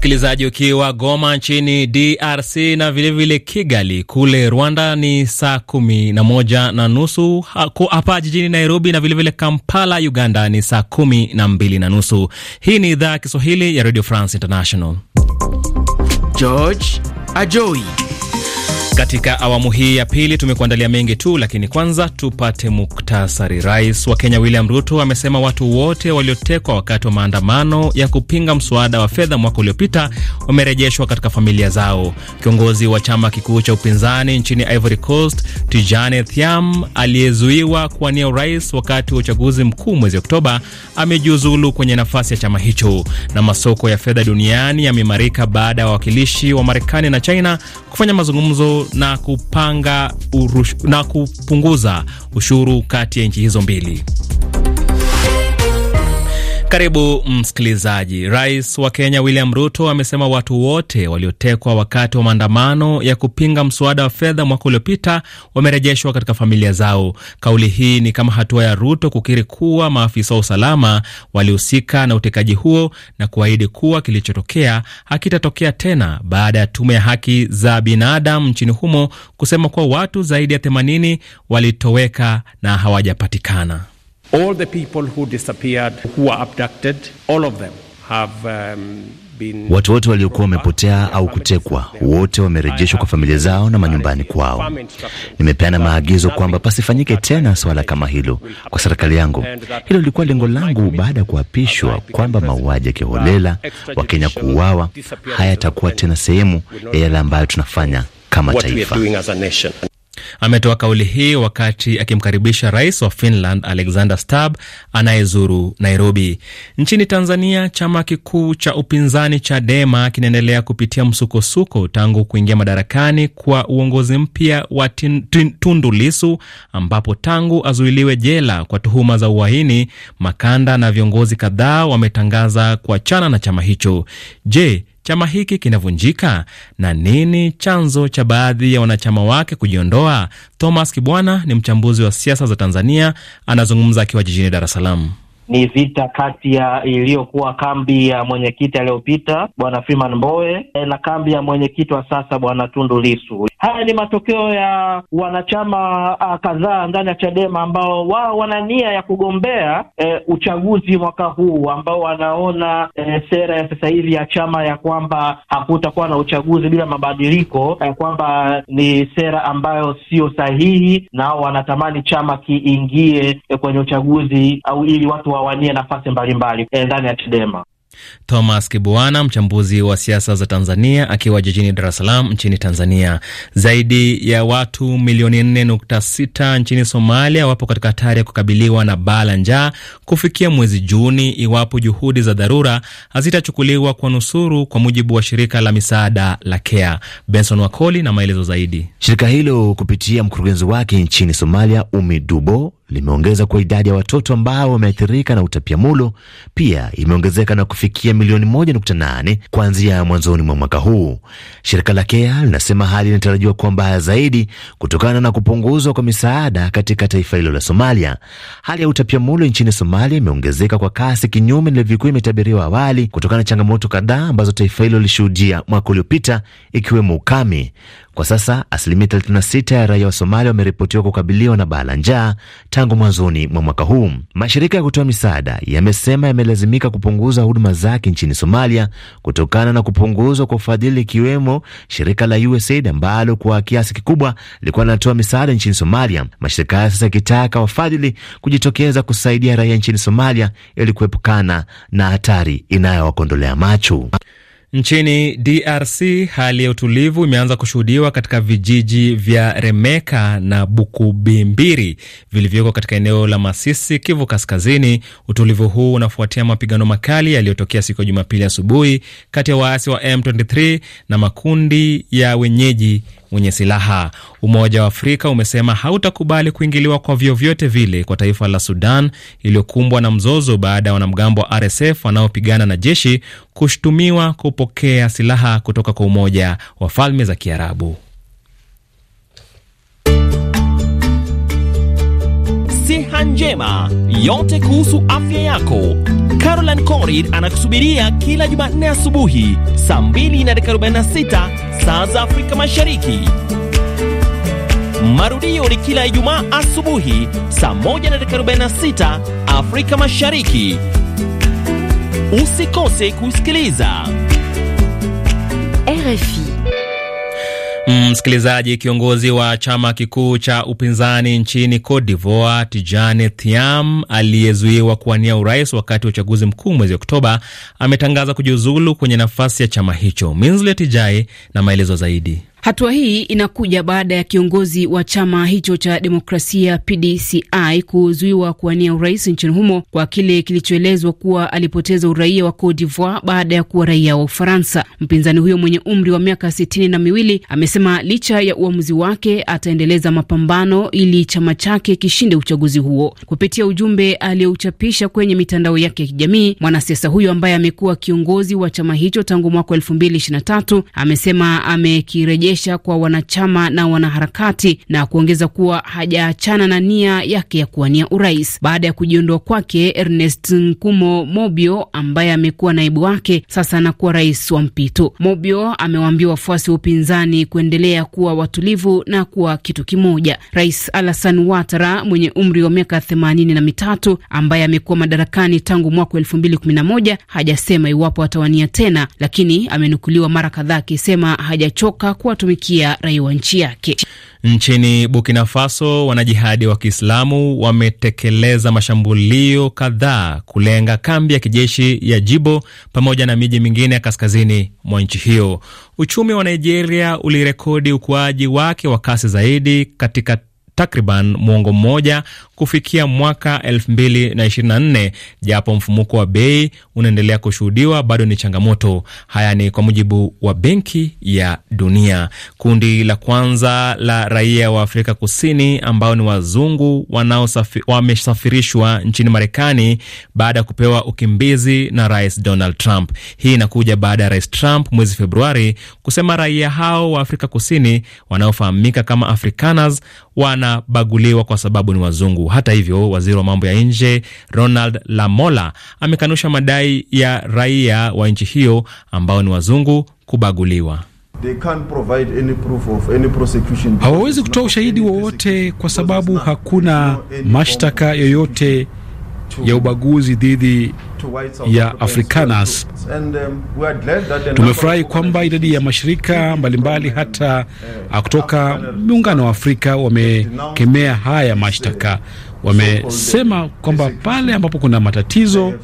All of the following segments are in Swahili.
Msikilizaji, ukiwa Goma nchini DRC na vilevile vile Kigali kule Rwanda ni saa kumi na moja na nusu hapa jijini Nairobi na vilevile vile Kampala, Uganda ni saa kumi na mbili na nusu. Hii ni idhaa ya Kiswahili ya Radio France International. George Ajoi katika awamu hii ya pili tumekuandalia mengi tu, lakini kwanza tupate muktasari. Rais wa Kenya William Ruto amesema watu wote waliotekwa wakati wa maandamano ya kupinga mswada wa fedha mwaka uliopita wamerejeshwa katika familia zao. Kiongozi wa chama kikuu cha upinzani nchini Ivory Coast Tijane Thiam aliyezuiwa kuwania urais wakati wa uchaguzi mkuu mwezi Oktoba amejiuzulu kwenye nafasi ya chama hicho. Na masoko ya fedha duniani yameimarika baada ya wawakilishi wa Marekani na China kufanya mazungumzo na kupanga urush, na kupunguza ushuru kati ya nchi hizo mbili. Karibu msikilizaji. Rais wa Kenya William Ruto amesema watu wote waliotekwa wakati wa maandamano ya kupinga mswada wa fedha mwaka uliopita wamerejeshwa katika familia zao. Kauli hii ni kama hatua ya Ruto kukiri kuwa maafisa wa usalama walihusika na utekaji huo na kuahidi kuwa kilichotokea hakitatokea tena, baada ya tume ya haki za binadamu nchini humo kusema kuwa watu zaidi ya 80 walitoweka na hawajapatikana. All the people who disappeared, who were abducted, all of them have um, Watu wote waliokuwa wamepotea au kutekwa wote wamerejeshwa kwa familia zao na manyumbani kwao. Nimepeana maagizo kwamba pasifanyike tena swala kama hilo kwa serikali yangu. Hilo lilikuwa lengo langu baada ya kuapishwa kwamba mauaji ya kiholela, Wakenya kuuawa, hayatakuwa tena sehemu ya yale ambayo tunafanya kama taifa. Ametoa kauli hii wakati akimkaribisha rais wa Finland Alexander Stubb anayezuru Nairobi. Nchini Tanzania, chama kikuu cha upinzani Chadema kinaendelea kupitia msukosuko tangu kuingia madarakani kwa uongozi mpya wa Tundu Lisu, ambapo tangu azuiliwe jela kwa tuhuma za uhaini, makanda na viongozi kadhaa wametangaza kuachana na chama hicho. Je, chama hiki kinavunjika na nini chanzo cha baadhi ya wanachama wake kujiondoa? Thomas Kibwana ni mchambuzi wa siasa za Tanzania, anazungumza akiwa jijini Dar es Salaam. Ni vita kati ya iliyokuwa kambi ya mwenyekiti aliyopita bwana Freeman Mbowe na kambi ya mwenyekiti wa sasa bwana Tundu Lisu. Haya ni matokeo ya wanachama ah, kadhaa ndani ya Chadema ambao wao wana nia ya kugombea eh, uchaguzi mwaka huu ambao wanaona eh, sera ya sasa hivi ya chama ya kwamba hakutakuwa na uchaguzi bila mabadiliko eh, kwamba ni sera ambayo sio sahihi, nao wanatamani chama kiingie eh, kwenye uchaguzi au ili watu wawanie nafasi mbalimbali eh, ndani ya Chadema. Thomas Kibuana, mchambuzi wa siasa za Tanzania, akiwa jijini Dar es Salaam nchini Tanzania. Zaidi ya watu milioni 4.6 nchini Somalia wapo katika hatari ya kukabiliwa na baa la njaa kufikia mwezi Juni iwapo juhudi za dharura hazitachukuliwa kwa nusuru kwa mujibu wa shirika la misaada la CARE. Benson Wakoli na maelezo zaidi. Shirika hilo kupitia mkurugenzi wake nchini Somalia, Umi Dubo, limeongeza kwa idadi ya watoto ambao wameathirika na utapiamulo pia imeongezeka na kufikia kufikia milioni 1.8 kuanzia mwanzoni mwa mwaka huu. Shirika la KEA linasema hali inatarajiwa kuwa mbaya zaidi kutokana na kupunguzwa kwa misaada katika taifa hilo la Somalia. Hali ya utapiamlo nchini Somalia imeongezeka kwa kasi kinyume nilivyokuwa imetabiriwa awali kutokana na changamoto kadhaa ambazo taifa hilo lilishuhudia mwaka uliopita, ikiwemo ukame. Kwa sasa asilimia 36 ya raia wa Somalia wameripotiwa kukabiliwa na baa la njaa tangu mwanzoni mwa mwaka huu. Mashirika ya kutoa misaada yamesema yamelazimika kupunguza huduma zake nchini Somalia kutokana na kupunguzwa kwa ufadhili, ikiwemo shirika la USAID ambalo kwa kiasi kikubwa lilikuwa linatoa misaada nchini Somalia, mashirika hayo sasa yakitaka wafadhili kujitokeza kusaidia raia nchini Somalia ili kuepukana na hatari inayowakondolea macho. Nchini DRC hali ya utulivu imeanza kushuhudiwa katika vijiji vya Remeka na Bukubimbiri vilivyoko katika eneo la Masisi, Kivu Kaskazini. Utulivu huu unafuatia mapigano makali yaliyotokea siku ya Jumapili asubuhi kati ya waasi wa M23 na makundi ya wenyeji mwenye silaha. Umoja wa Afrika umesema hautakubali kuingiliwa kwa vyovyote vile kwa taifa la Sudan iliyokumbwa na mzozo baada ya wanamgambo wa RSF wanaopigana na jeshi kushutumiwa kupokea silaha kutoka kwa Umoja wa Falme za Kiarabu. Siha Njema, yote kuhusu afya yako. Caroline Corid anakusubiria kila Jumanne asubuhi saa 2 na dakika 46 saa za Afrika Mashariki. Marudio ni kila Ijumaa asubuhi saa 1 na dakika 46 Afrika Mashariki. Usikose kusikiliza RFI. Mm, msikilizaji, kiongozi wa chama kikuu cha upinzani nchini Cote d'Ivoire Tijane Thiam aliyezuiwa kuwania urais wakati wa uchaguzi mkuu mwezi Oktoba ametangaza kujiuzulu kwenye nafasi ya chama hicho. Minzle Tijai na maelezo zaidi. Hatua hii inakuja baada ya kiongozi wa chama hicho cha demokrasia PDCI kuzuiwa kuwania urais nchini humo kwa kile kilichoelezwa kuwa alipoteza uraia wa Cote d'Ivoire baada ya kuwa raia wa Ufaransa. Mpinzani huyo mwenye umri wa miaka sitini na miwili amesema licha ya uamuzi wake ataendeleza mapambano ili chama chake kishinde uchaguzi huo. Kupitia ujumbe aliyouchapisha kwenye mitandao yake ya kijamii, mwanasiasa huyo ambaye amekuwa kiongozi wa chama hicho tangu mwaka tatu amesema amekirejea kurejesha kwa wanachama na wanaharakati na kuongeza kuwa hajaachana na nia yake ya kuwania urais. Baada ya kujiondoa kwake, Ernest Nkumo Mobio ambaye amekuwa naibu wake sasa anakuwa rais wa mpito. Mobio amewaambia wafuasi wa upinzani kuendelea kuwa watulivu na kuwa kitu kimoja. Rais Alasan Watara mwenye umri wa miaka themanini na mitatu ambaye amekuwa madarakani tangu mwaka elfu mbili kumi na moja hajasema iwapo atawania tena, lakini amenukuliwa mara kadhaa akisema hajachoka kuwa kuwatumikia raia wa nchi yake. Nchini Burkina Faso, wanajihadi wa Kiislamu wametekeleza mashambulio kadhaa kulenga kambi ya kijeshi ya Jibo pamoja na miji mingine ya kaskazini mwa nchi hiyo. Uchumi wa Nigeria ulirekodi ukuaji wake wa kasi zaidi katika takriban mwongo mmoja kufikia mwaka 2024, japo mfumuko wa bei unaendelea kushuhudiwa, bado ni changamoto. Haya ni kwa mujibu wa Benki ya Dunia. Kundi la kwanza la raia wa Afrika Kusini ambao ni wazungu wamesafirishwa nchini Marekani baada ya kupewa ukimbizi na Rais Donald Trump. Hii inakuja baada ya Rais Trump mwezi Februari kusema raia hao wa Afrika Kusini wanaofahamika kama Afrikaners wanabaguliwa kwa sababu ni wazungu. Hata hivyo, waziri wa mambo ya nje Ronald Lamola amekanusha madai ya raia wa nchi hiyo ambao ni wazungu kubaguliwa. Hawawezi kutoa ushahidi wowote kwa sababu hakuna mashtaka yoyote ya ubaguzi dhidi ya Africanas. Um, Tumefurahi kwamba idadi ya mashirika mbalimbali hata uh, uh, kutoka muungano wa Afrika wamekemea haya mashtaka. Wamesema uh, kwamba pale ambapo kuna matatizo,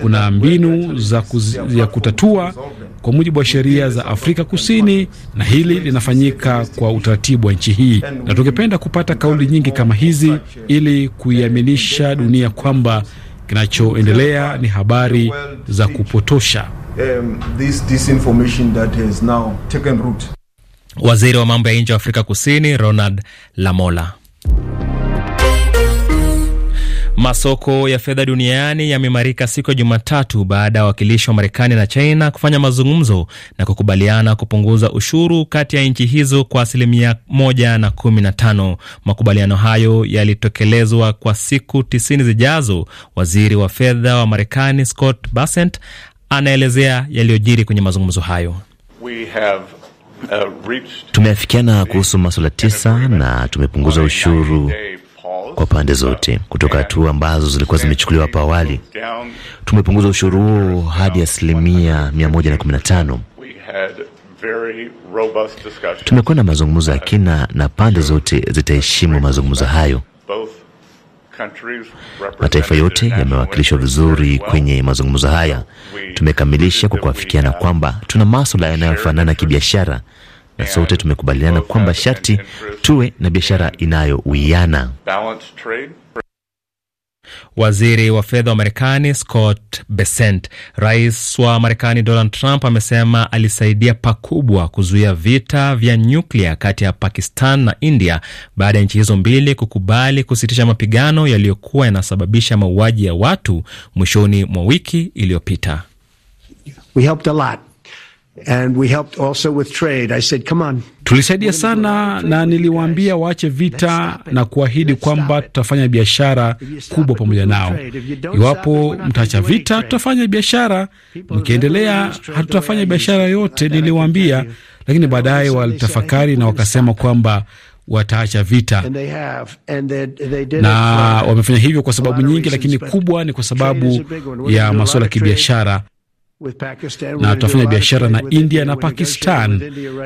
kuna mbinu za kuzi, ya kutatua kwa mujibu wa sheria za Afrika Kusini, na hili linafanyika kwa utaratibu wa nchi hii, na tungependa kupata kauli nyingi kama hizi ili kuiaminisha dunia kwamba Kinachoendelea ni habari za kupotosha. Um, Waziri wa mambo ya nje wa Afrika Kusini Ronald Lamola Masoko ya fedha duniani yameimarika siku ya Jumatatu baada ya wawakilishi wa Marekani na China kufanya mazungumzo na kukubaliana kupunguza ushuru kati ya nchi hizo kwa asilimia moja na kumi na tano. Makubaliano hayo yalitekelezwa kwa siku tisini zijazo. Waziri wa fedha wa Marekani Scott Bessent anaelezea yaliyojiri kwenye mazungumzo hayo. We have uh, tumeafikiana kuhusu maswala tisa na tumepunguza ushuru kwa pande zote kutoka hatua ambazo zilikuwa zimechukuliwa hapo awali. Tumepunguza ushuru huo hadi asilimia 115. Tumekuwa na mazungumzo ya kina na pande zote zitaheshimu mazungumzo hayo. Mataifa yote yamewakilishwa vizuri kwenye mazungumzo haya. Tumekamilisha kwa kuafikiana kwamba tuna maswala yanayofanana kibiashara na sote tumekubaliana kwamba sharti tuwe na biashara inayowiana. Waziri wa fedha wa Marekani Scott Bessent. Rais wa Marekani Donald Trump amesema alisaidia pakubwa kuzuia vita vya nyuklia kati ya Pakistan na India baada ya nchi hizo mbili kukubali kusitisha mapigano yaliyokuwa yanasababisha mauaji ya watu mwishoni mwa wiki iliyopita. And we helped also with trade. I said, Come on. Tulisaidia sana na niliwaambia waache vita na kuahidi kwamba tutafanya biashara kubwa pamoja nao. Iwapo mtaacha vita, tutafanya biashara, mkiendelea hatutafanya biashara yote, niliwaambia. Lakini baadaye walitafakari na wakasema kwamba wataacha vita na wamefanya hivyo kwa sababu nyingi, lakini kubwa ni kwa sababu ya masuala ya kibiashara na tutafanya biashara na India na Pakistan.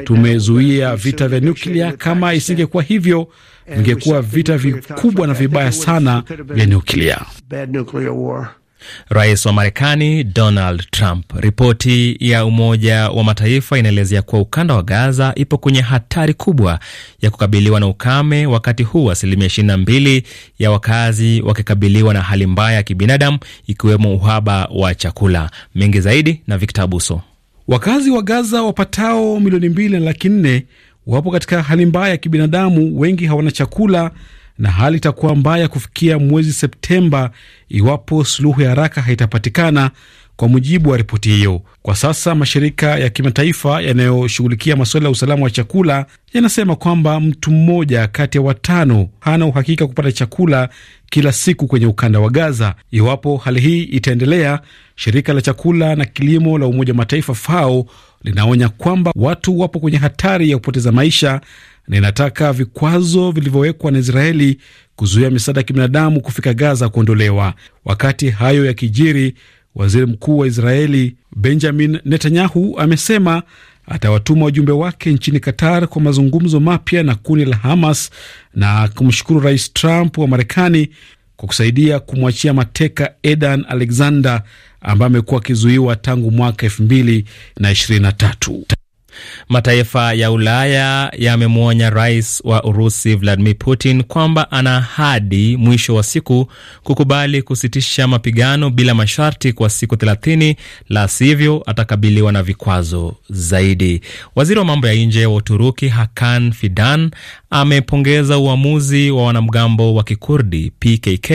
Tumezuia vita vya nyuklia. Kama isingekuwa hivyo, vingekuwa vita vikubwa na vibaya sana vya nyuklia. Rais wa Marekani Donald Trump. Ripoti ya Umoja wa Mataifa inaelezea kuwa ukanda wa Gaza ipo kwenye hatari kubwa ya kukabiliwa na ukame, wakati huu asilimia 22 ya wakazi wakikabiliwa na hali mbaya ya kibinadamu, ikiwemo uhaba wa chakula. Mengi zaidi na Victor Abuso. Wakazi wa Gaza wapatao milioni mbili na laki nne wapo katika hali mbaya ya kibinadamu, wengi hawana chakula na hali itakuwa mbaya kufikia mwezi Septemba iwapo suluhu ya haraka haitapatikana, kwa mujibu wa ripoti hiyo. Kwa sasa mashirika ya kimataifa yanayoshughulikia masuala ya usalama wa chakula yanasema kwamba mtu mmoja kati ya watano hana uhakika kupata chakula kila siku kwenye ukanda wa Gaza. Iwapo hali hii itaendelea, shirika la chakula na kilimo la Umoja wa Mataifa FAO linaonya kwamba watu wapo kwenye hatari ya kupoteza maisha na inataka vikwazo vilivyowekwa na Israeli kuzuia misaada ya kibinadamu kufika Gaza kuondolewa. Wakati hayo yakijiri, waziri mkuu wa Israeli Benjamin Netanyahu amesema atawatuma wajumbe wake nchini Qatar kwa mazungumzo mapya na kundi la Hamas na kumshukuru Rais Trump wa Marekani kwa kusaidia kumwachia mateka Edan Alexander ambaye amekuwa akizuiwa tangu mwaka elfu mbili na ishirini na tatu. Mataifa ya Ulaya yamemwonya rais wa Urusi Vladimir Putin kwamba ana hadi mwisho wa siku kukubali kusitisha mapigano bila masharti kwa siku 30, la sivyo atakabiliwa na vikwazo zaidi. Waziri wa mambo ya nje wa Uturuki Hakan Fidan amepongeza uamuzi wa wanamgambo wa Kikurdi PKK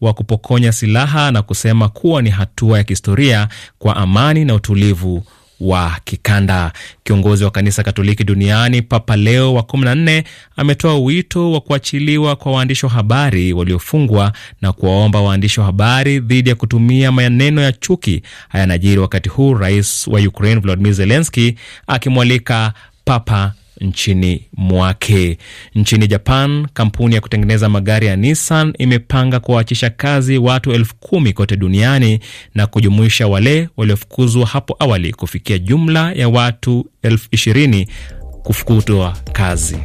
wa kupokonya silaha na kusema kuwa ni hatua ya kihistoria kwa amani na utulivu wa kikanda. Kiongozi wa kanisa Katoliki duniani Papa Leo wa 14 ametoa wito wa kuachiliwa kwa waandishi wa habari waliofungwa na kuwaomba waandishi wa habari dhidi ya kutumia maneno ya chuki. Haya yanajiri wakati huu rais wa Ukraine Volodymyr Zelensky akimwalika Papa nchini mwake. Nchini Japan, kampuni ya kutengeneza magari ya Nissan imepanga kuwaachisha kazi watu elfu kumi kote duniani na kujumuisha wale waliofukuzwa hapo awali kufikia jumla ya watu elfu ishirini kufukuzwa kazi.